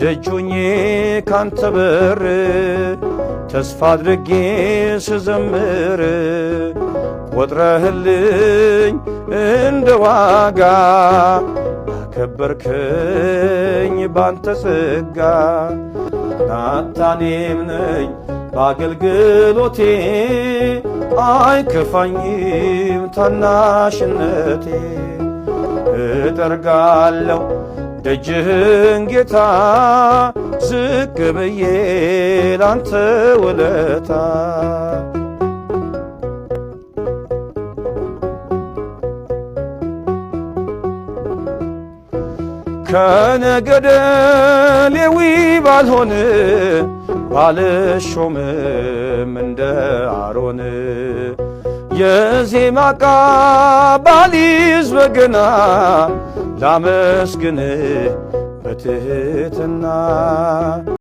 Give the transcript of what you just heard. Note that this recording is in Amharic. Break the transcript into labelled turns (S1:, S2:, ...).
S1: ደጆኜ ካንተ በር ተስፋ አድርጌ ስዘምር ቆጥረህልኝ እንደ ዋጋ አከበርከኝ ባንተ ጸጋ። ናታኔም ነኝ በአገልግሎቴ አይከፋኝም ታናሽነቴ እጠርጋለሁ ደጅህን ጌታ ዝቅ ብዬ ላንተ ውለታ
S2: ከነገደ ሌዊ ባልሆን ባልሾምም እንደ አሮን የዜማ ቃባሊዝ በገና ላመስግን በትህትና